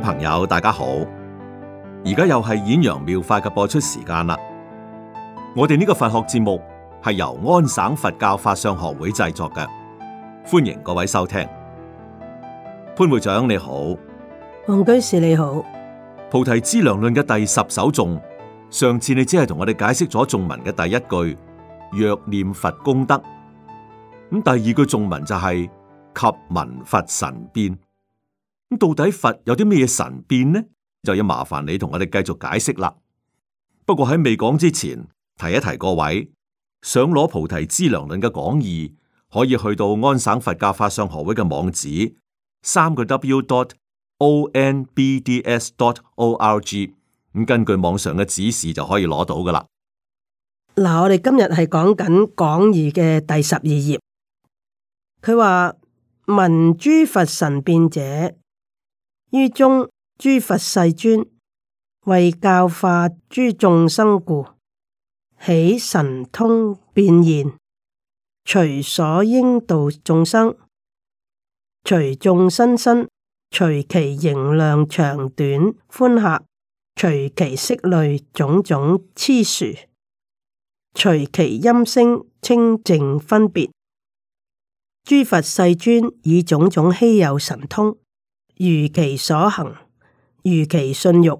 朋友，大家好！而家又係演揚妙、妙法嘅播出時間啦。我哋呢個佛學節目係由安省佛教法相學會製作嘅，歡迎各位收聽。潘會長你好，黃居士你好，《菩提資糧論》嘅第十首頌，上次你只係同我哋解釋咗頌文嘅第一句，若念佛功德，咁第二句頌文就係、是、及聞佛神變。咁到底佛有啲咩神變呢？就要麻煩你同我哋繼續解釋啦。不過喺未講之前，提一提各位想攞《菩提資糧論》嘅講義，可以去到安省佛教法上學會嘅網址，三個 W dot O N B D S dot O R G。咁根據網上嘅指示就可以攞到噶啦。嗱，我哋今日係講緊講義嘅第十二頁，佢話問諸佛神變者。於中，諸佛世尊為教化諸眾生故，起神通變現，隨所應度眾生，隨眾生身，隨其形量長短寬狹，隨其色類種種癡殊，隨其音聲清淨分別。諸佛世尊以種種稀有神通。如其所行，如其信欲，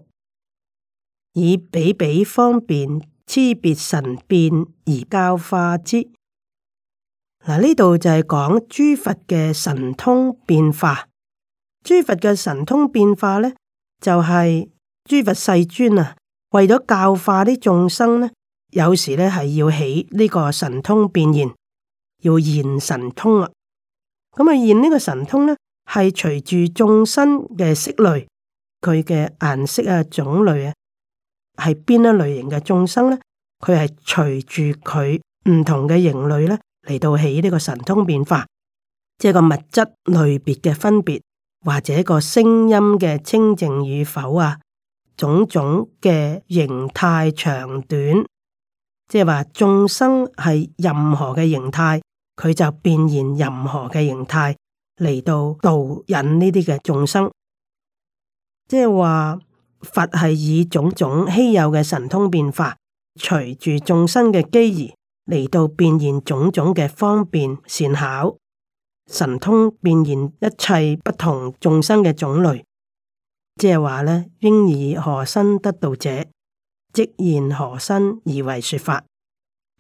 以彼彼方便，差別神變而教化之。嗱、啊，呢度就係講諸佛嘅神通變化。諸佛嘅神通變化咧，就係、是、諸佛世尊啊，為咗教化啲眾生咧，有時咧係要起呢個神通變現，要現神通啊。咁、嗯、啊，現呢個神通咧。係隨住眾生嘅色類，佢嘅顏色啊，種類啊，係邊一類型嘅眾生咧？佢係隨住佢唔同嘅形類咧，嚟到起呢個神通變化，即係個物質類別嘅分別，或者個聲音嘅清淨與否啊，種種嘅形態長短，即係話眾生係任何嘅形態，佢就變現任何嘅形態。嚟到導引呢啲嘅眾生，即係話佛係以種種稀有嘅神通變化，隨住眾生嘅機宜，嚟到變現種種嘅方便善巧神通，變現一切不同眾生嘅種類。即係話咧，應以何身得道者，即現何身而為説法，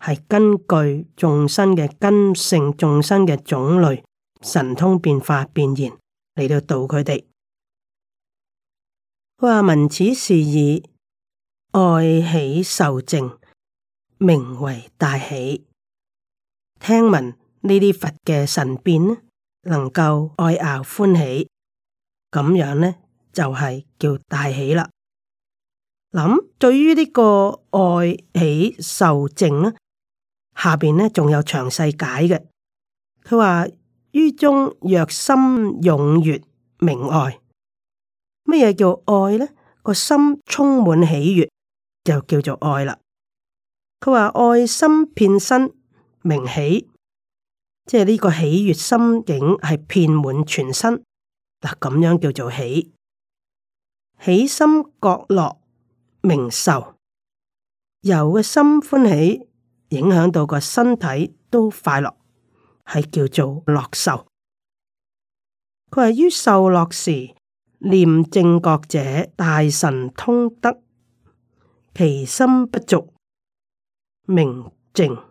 係根據眾生嘅根性、眾生嘅種類。神通變化變現嚟到度佢哋，佢話聞此是以「愛喜受正」，名為大喜。聽聞呢啲佛嘅神變呢，能夠愛咬歡喜，咁樣呢就係、是、叫大喜啦。諗對於呢個愛喜受正呢，下邊呢仲有詳細解嘅，佢話。於中若心踊躍明愛，乜嘢叫愛呢？個心充滿喜悅就叫做愛啦。佢話愛心遍身明喜，即係呢個喜悅心境係遍滿全身。嗱，咁樣叫做喜。喜心覺樂，明受，由個心歡喜影響到個身體都快樂，係叫做樂受。佢係於受樂時念正覺者大神通德，其心不濁明淨。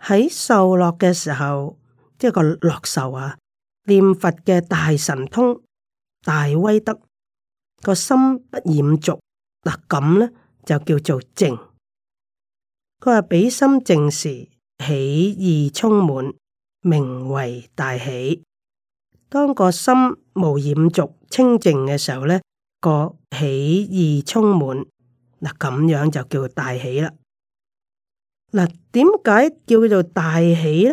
喺受樂嘅時候，即、這、係個樂受啊，念佛嘅大神通大威德，個心不染俗。嗱，咁咧就叫做淨。佢話畀心淨時。喜意充滿，名為大喜。當個心無染濁、清淨嘅時候，呢個喜意充滿，嗱，咁樣就叫大喜啦。嗱，點解叫做大喜咧？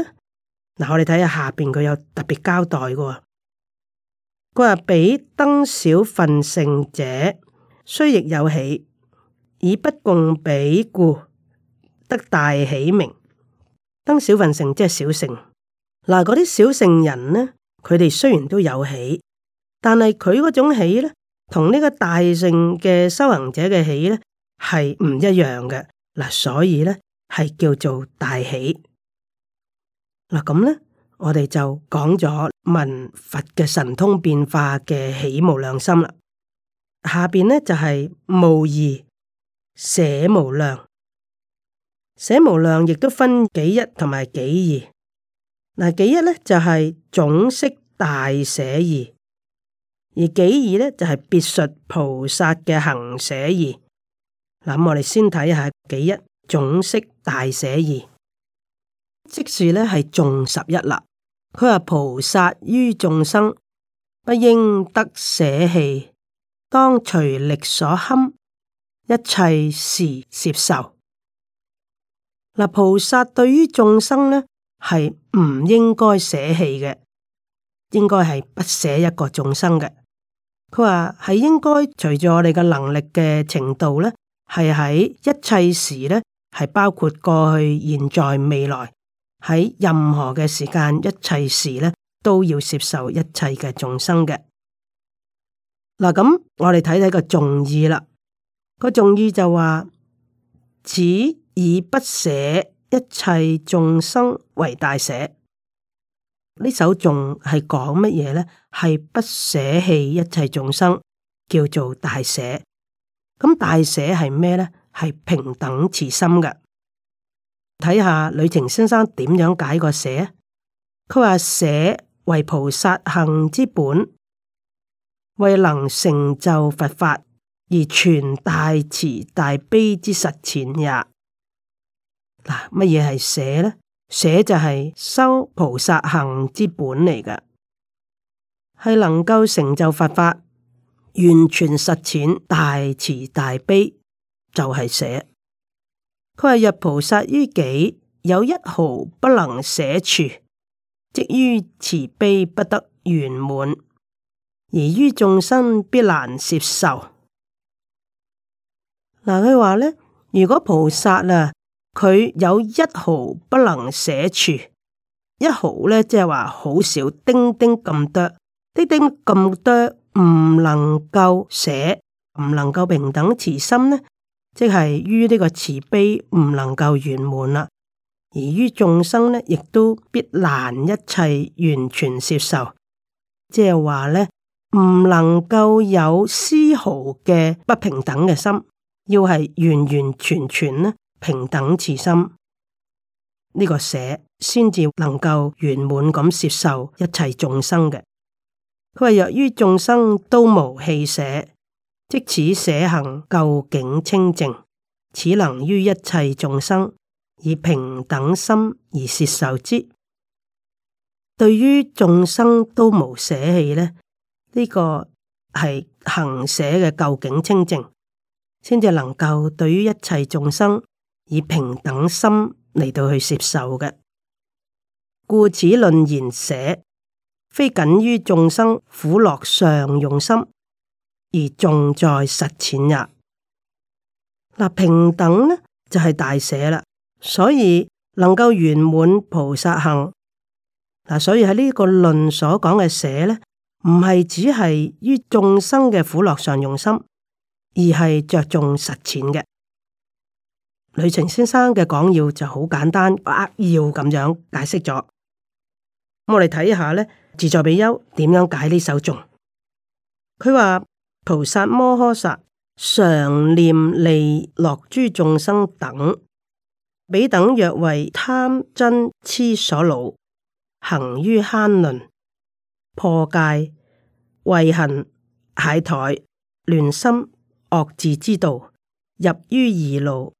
嗱，我哋睇下下邊佢有特別交代嘅。佢話俾登少分勝者，雖亦有喜，以不共彼故，得大喜名。登小份成即係小乘，嗱，嗰啲小乘人呢，佢哋雖然都有喜，但係佢嗰種喜呢，同呢個大乘嘅修行者嘅喜呢係唔一樣嘅。嗱，所以呢，係叫做大喜。嗱咁呢，我哋就講咗文佛嘅神通變化嘅喜無量心啦。下邊呢就係、是、無二捨無量。捨無量亦都分幾一同埋幾二。嗱，幾一咧就係、是、總釋大捨二，而幾二咧就係別述菩薩嘅行捨二。嗱、嗯，我哋先睇下幾一總釋大捨二，即是咧係頌十一啦。佢話菩薩於眾生不應得捨棄，當隨力所堪一切時攝受。嗱，菩薩對於眾生呢係唔應該捨棄嘅，應該係不捨一個眾生嘅。佢話係應該隨住我哋嘅能力嘅程度呢，係喺一切時呢，係包括過去、現在、未來，喺任何嘅時間、一切時呢，都要接受一切嘅眾生嘅。嗱，咁我哋睇睇個重義啦。個重義就話此，以不捨一切眾生為大捨，呢首頌係講乜嘢呢？係不捨棄一切眾生，叫做大捨。咁大捨係咩呢？係平等慈心嘅。睇下呂澄先生點樣解個捨。佢話捨為菩薩行之本，為能成就佛法而全大慈大悲之實踐也。嗱，乜嘢係捨呢？捨就係修菩薩行之本嚟噶，係能夠成就佛法，完全實踐大慈大悲就係、是、捨。佢話若菩薩於己有一毫不能捨處，即於慈悲不得圓滿，而於眾生必難接受。嗱，佢話呢：「如果菩薩啊，佢有一毫不能捨處，一毫呢，即係話好少，丁丁咁多，丁丁咁多唔能夠捨，唔能夠平等慈心呢，即係於呢個慈悲唔能夠圓滿啦，而於眾生呢，亦都必難一切完全接受，即係話呢，唔能夠有絲毫嘅不平等嘅心，要係完完全全呢。平等慈心呢個捨，先至能夠圓滿咁接受一切眾生嘅。佢話，若於眾生都無棄捨，即此捨行究竟清淨，此能於一切眾生以平等心而攝受之。對於眾生都無捨棄呢，呢個係行捨嘅究竟清淨，先至能夠對於一切眾生。以平等心嚟到去接受嘅，故此論言捨，非僅於眾生苦樂上用心，而重在實踐也。嗱，平等呢就係、是、大捨啦，所以能夠圓滿菩薩行。嗱，所以喺呢個論所講嘅捨呢，唔係只係於眾生嘅苦樂上用心，而係着重實踐嘅。呂澄先生嘅講要就好簡單扼、呃、要咁樣解釋咗，咁我哋睇下咧自在比丘點樣解呢首頌。佢話菩薩摩訶薩常念利樂諸眾生等，彼等若為貪嗔痴所惱，行於慳吝破戒、畏恨、懈怠，亂心、惡智之道，入於歧路。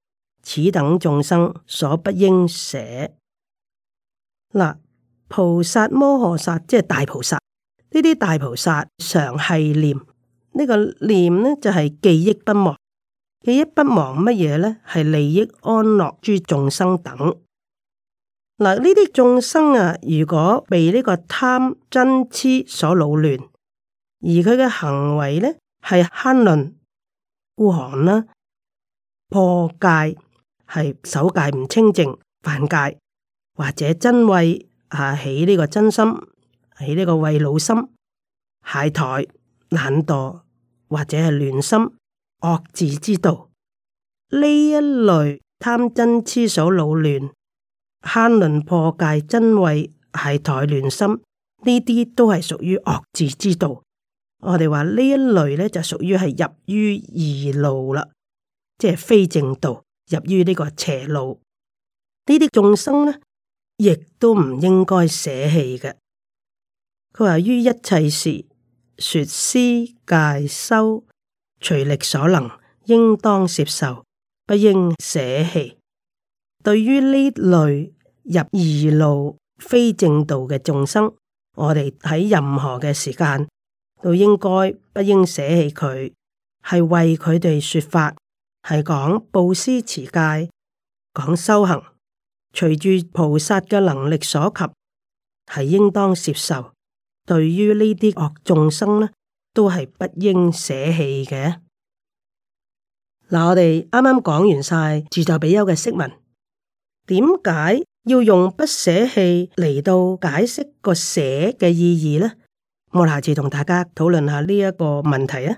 此等眾生所不應捨嗱，菩薩摩訶薩即係大菩薩，呢啲大菩薩常係念呢、呢個念呢就係、是、記憶不忘，記憶不忘乜嘢呢？係利益安樂諸眾生等嗱，呢啲眾生啊，如果被呢個貪嗔癡所擾亂，而佢嘅行為呢係慳吝、孤寒啦、破戒。係守戒唔清淨，犯戒或者瞋恚，啊起呢個瞋心，起呢個恚怒心，懈怠懶惰，懶惰或者係亂心惡智之道，呢一類貪瞋痴、守老亂、慳吝、破戒、瞋恚、懈怠、亂心，呢啲都係屬於惡智之道。我哋話呢一類咧就屬於係入於異路啦，即係非正道。入於呢個邪路，呢啲眾生呢，亦都唔應該捨棄嘅。佢話於一切時說施戒修，隨力所能，應當攝受，不應捨棄。對於呢類入二路、非正道嘅眾生，我哋喺任何嘅時間都應該不應捨棄佢，係為佢哋說法。係講布施、持戒、講修行，隨住菩薩嘅能力所及，係應當接受。對於呢啲惡眾生呢，都係不應捨棄嘅。嗱，我哋啱啱講完晒自在比丘嘅釋文，點解要用不捨棄嚟到解釋個捨嘅意義呢？我下次同大家討論下呢一個問題啊。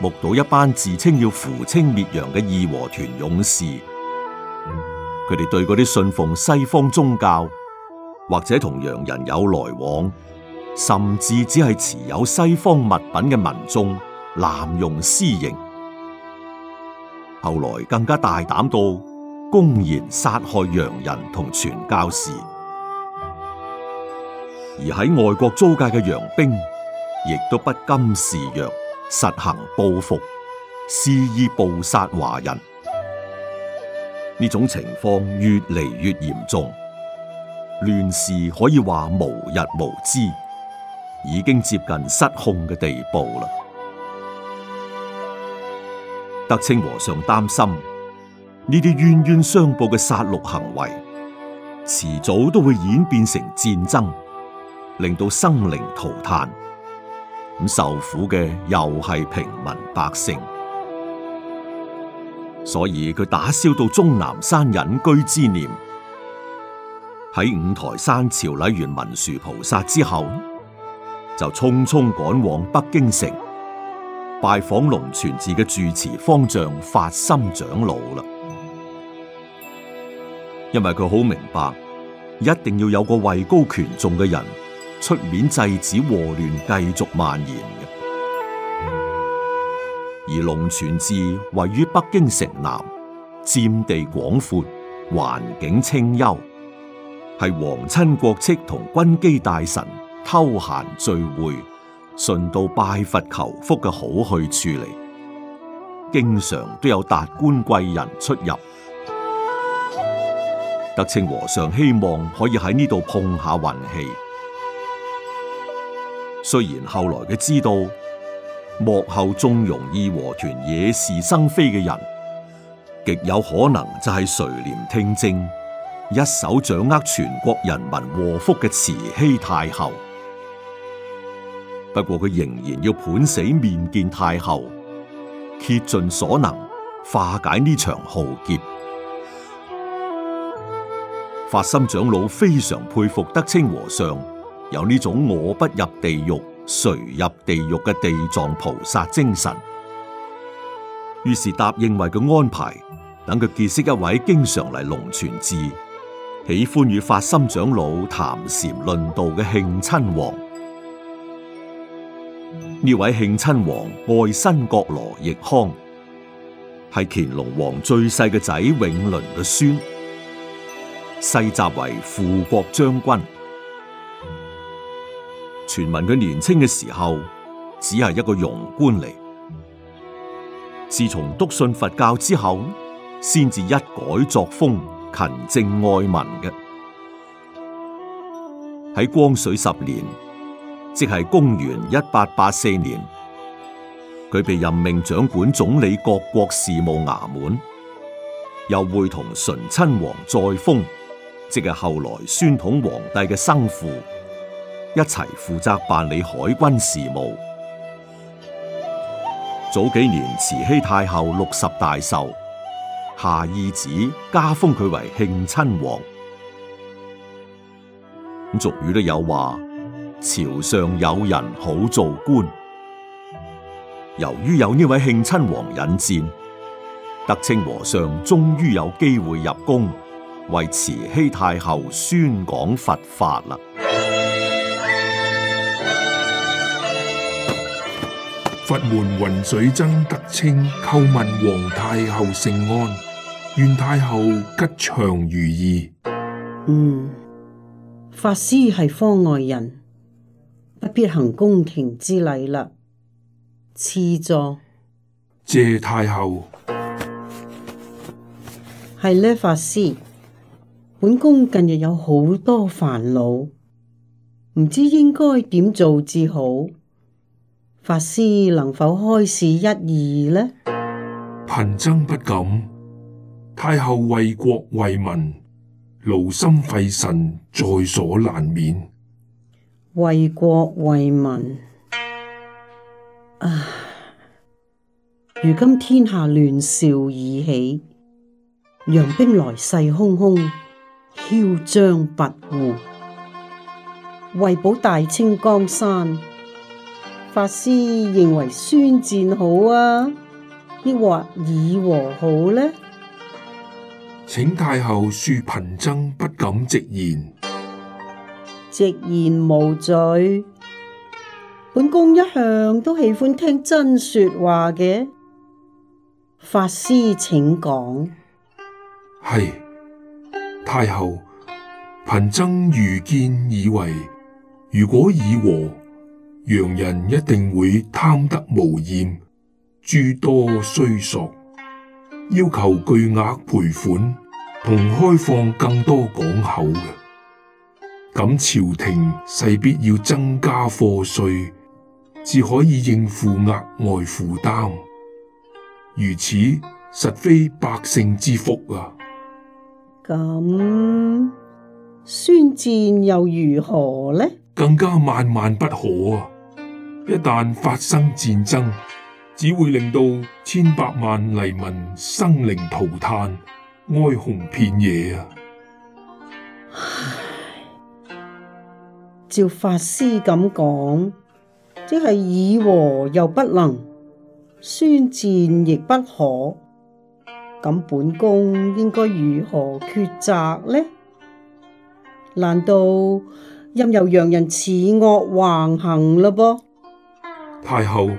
目睹一班自稱要扶清滅洋嘅義和團勇士，佢哋對嗰啲信奉西方宗教或者同洋人有來往，甚至只係持有西方物品嘅民眾，濫用私刑。後來更加大膽到公然殺害洋人同傳教士，而喺外國租界嘅洋兵，亦都不甘示弱。實行報復，肆意暴殺華人，呢種情況越嚟越嚴重，亂事可以話無日無之，已經接近失控嘅地步啦。德清和尚擔心呢啲冤冤相報嘅殺戮行為，遲早都會演變成戰爭，令到生靈塗炭。咁受苦嘅又係平民百姓，所以佢打消到終南山隱居之念，喺五台山朝禮完文殊菩薩之後，就匆匆趕往北京城拜訪龍泉寺嘅住持方丈法心長老啦。因為佢好明白，一定要有個位高權重嘅人。出面制止禍亂繼續蔓延嘅。而龍泉寺位於北京城南，佔地廣闊，環境清幽，係皇親國戚同軍機大臣偷閒聚會，順道拜佛求福嘅好去處嚟。經常都有達官貴人出入，德清和尚希望可以喺呢度碰下運氣。雖然後來佢知道，幕後縱容義和團惹是生非嘅人，極有可能就係垂簾聽政、一手掌握全國人民禍福嘅慈禧太后。不過佢仍然要判死面見太后，竭盡所能化解呢場浩劫。法心長老非常佩服德清和尚。有呢種我不入地獄，誰入地獄嘅地藏菩薩精神，於是答應為佢安排，等佢結識一位經常嚟龍泉寺，喜歡與法心長老談禪論道嘅慶親王。呢位慶親王愛新覺羅奕康，係乾隆王最細嘅仔永璘嘅孫，世襲為輔國將軍。傳聞佢年青嘅時候只係一個庸官嚟，自從篤信佛教之後，先至一改作風，勤政愛民嘅。喺光緒十年，即係公元一八八四年，佢被任命掌管總理各國事務衙門，又會同醇親王再封，即係後來宣統皇帝嘅生父。一齊負責辦理海軍事務。早幾年慈禧太后六十大壽，下懿旨加封佢為慶親王。俗語都有話：朝上有人好做官。由於有呢位慶親王引薦，德清和尚終於有機會入宮為慈禧太后宣講佛法啦。佛門雲水僧德清，叩問皇太后聖安，願太后吉祥如意。嗯，法師係方外人，不必行宮廷之禮啦。賜座。謝太后。係呢，法師，本宮近日有好多煩惱，唔知應該點做至好。法師能否開示一二呢？貧僧不敢。太后為國為民，勞心費神，在所難免。為國為民，啊，如今天下亂兆已起，洋兵來勢洶洶，囂張跋扈，為保大清江山。法師認為宣戰好啊，抑或以和好呢，啊？請太后恕貧僧不敢直言。直言無罪，本宮一向都喜歡聽真說話嘅。法師請講，請講。係太后，貧僧愚見以為，如果以和。洋人一定會貪得無厭，諸多需索，要求巨額賠款同開放更多港口嘅，咁朝廷勢必要增加課稅，至可以應付額外負擔。如此實非百姓之福啊！咁宣戰又如何呢？更加萬萬不可啊！一旦發生戰爭，只會令到千百萬黎民生靈塗炭，哀鴻遍野啊！唉，照法師咁講，即係以和又不能，宣戰亦不可，咁本宮應該如何抉擇呢？難道任由洋人恃惡橫行嘞噃？太后，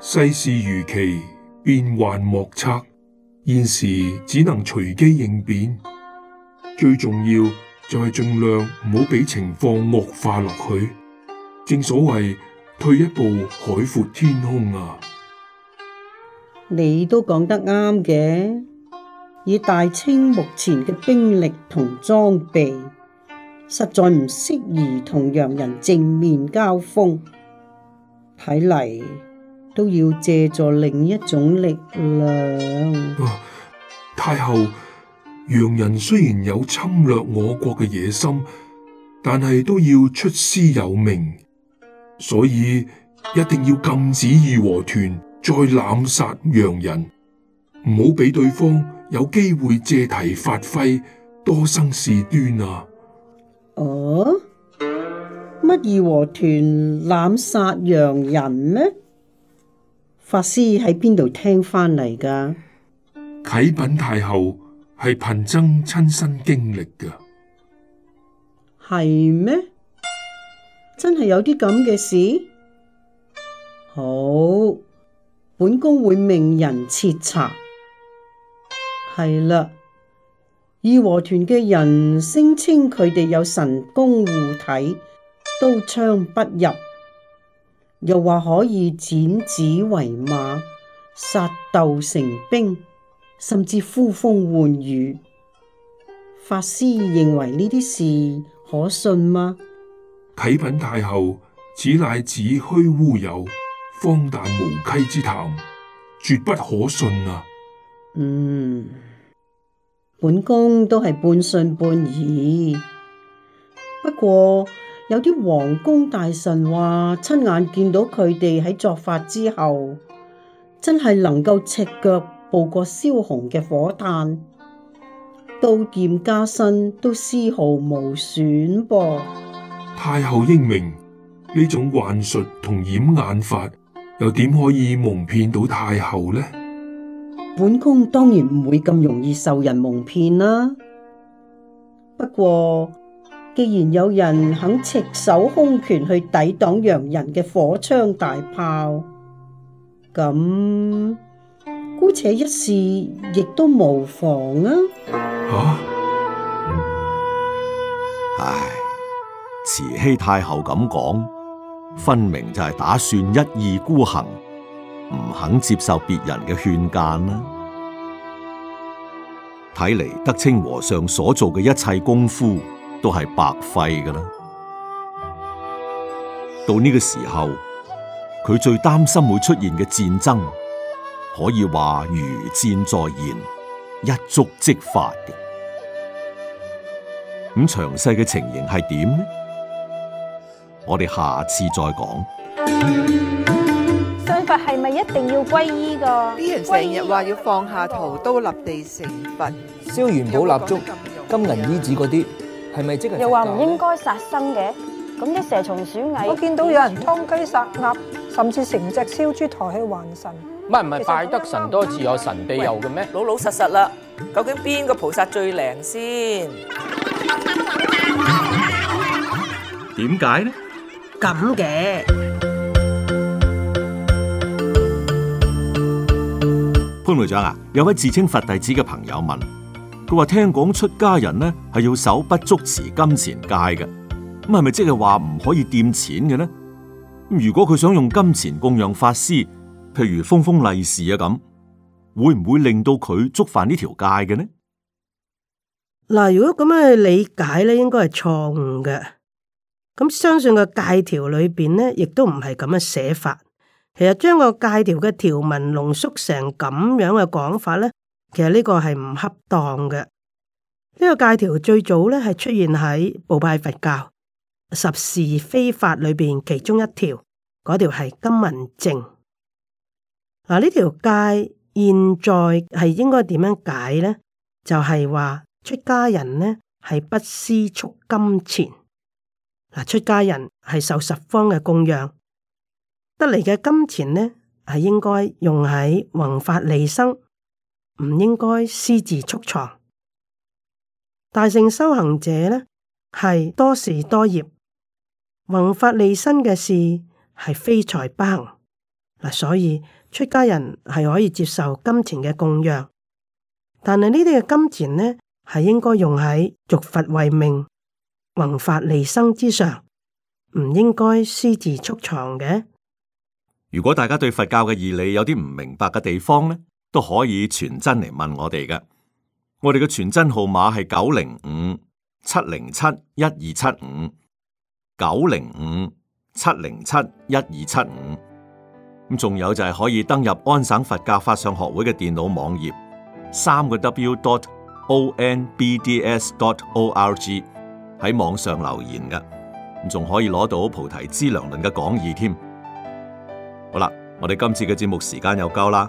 世事如棋，變幻莫測，現時只能隨機應變，最重要就係盡量唔好俾情況惡化落去。正所謂退一步海闊天空啊！你都講得啱嘅，以大清目前嘅兵力同裝備，實在唔適宜同洋人正面交鋒。睇嚟都要借助另一種力量。太后，洋人雖然有侵略我國嘅野心，但係都要出師有名，所以一定要禁止義和團再濫殺洋人，唔好俾對方有機會借題發揮，多生事端啊！哦。乜義和團濫殺洋人咩？法師喺邊度聽翻嚟噶？啟稟太后，係貧僧親身經歷噶，係咩？真係有啲咁嘅事？好，本宮會命人徹查。係嘞，義和團嘅人聲稱佢哋有神功護體。刀槍不入，又話可以剪紙為馬、撒豆成兵，甚至呼風喚雨。法師認為呢啲事可信嗎？啟稟太后，此乃子虛烏有、荒誕無稽之談，絕不可信啊！嗯，本宮都係半信半疑，不過。有啲皇宮大臣話親眼見到佢哋喺作法之後，真係能夠赤腳步過燒紅嘅火炭，刀劍加身都絲毫無損噃，啊。太后英明，呢種幻術同掩眼法又點可以蒙騙到太后呢？本宮當然唔會咁容易受人蒙騙啦，啊。不過。既然有人肯赤手空拳去抵擋洋人嘅火槍大炮，咁姑且一試亦都無妨啊！吓，唉，慈禧太后咁講，分明就係打算一意孤行，唔肯接受別人嘅勸諫啦。睇嚟德清和尚所做嘅一切功夫。都係白費噶啦！到呢個時候，佢最擔心會出現嘅戰爭，可以話如箭在弦，一觸即發嘅。咁詳細嘅情形係點呢？我哋下次再講。信佛係咪一定要皈依噶？啲人成日話要放下屠刀立地成佛，燒元寶蠟燭、有有金銀衣紙嗰啲。又話唔應該殺生嘅，咁啲蛇蟲鼠蟻，我見到有人劏雞殺鴨，甚至成隻燒豬抬起還神，唔係唔係拜得神多自有神庇佑嘅咩？老老實實啦，究竟邊個菩薩最靈先？點解呢？咁嘅潘會長啊，有位自稱佛弟子嘅朋友問。佢話聽講出家人咧，係要守不蓄持金錢戒嘅，咁係咪即係話唔可以掂錢嘅呢？如果佢想用金錢供養法師，譬如封封利是啊咁，會唔會令到佢觸犯呢條戒嘅呢？嗱，如果咁樣去理解咧，應該係錯誤嘅。咁相信個戒條裏邊呢，亦都唔係咁樣寫法。其實將個戒條嘅條文濃縮成咁樣嘅講法咧。其實呢個係唔恰當嘅。呢、這個戒條最早咧係出現喺部派佛教十事非法裏邊，其中一條嗰條係金文淨。嗱、啊，呢條戒現在係應該點樣解咧？就係、是、話出家人呢係不私蓄金錢。嗱、啊，出家人係受十方嘅供養，得嚟嘅金錢咧係應該用喺弘法利生。唔應該私自蓄藏。大乘修行者呢，係多事多業，宏法利生嘅事係非財不行嗱。所以出家人係可以接受金錢嘅供養，但係呢啲嘅金錢呢係應該用喺續佛慧命、宏法利生之上，唔應該私自蓄藏嘅。如果大家對佛教嘅義理有啲唔明白嘅地方呢？都可以傳真嚟問我哋嘅，我哋嘅傳真號碼係九零五七零七一二七五九零五七零七一二七五咁，仲有就係可以登入安省佛教法相學會嘅電腦網頁，三個 w dot o n b d s dot o r g 喺網上留言嘅，仲可以攞到菩提資糧論嘅講義添。好啦，我哋今次嘅節目時間又夠啦。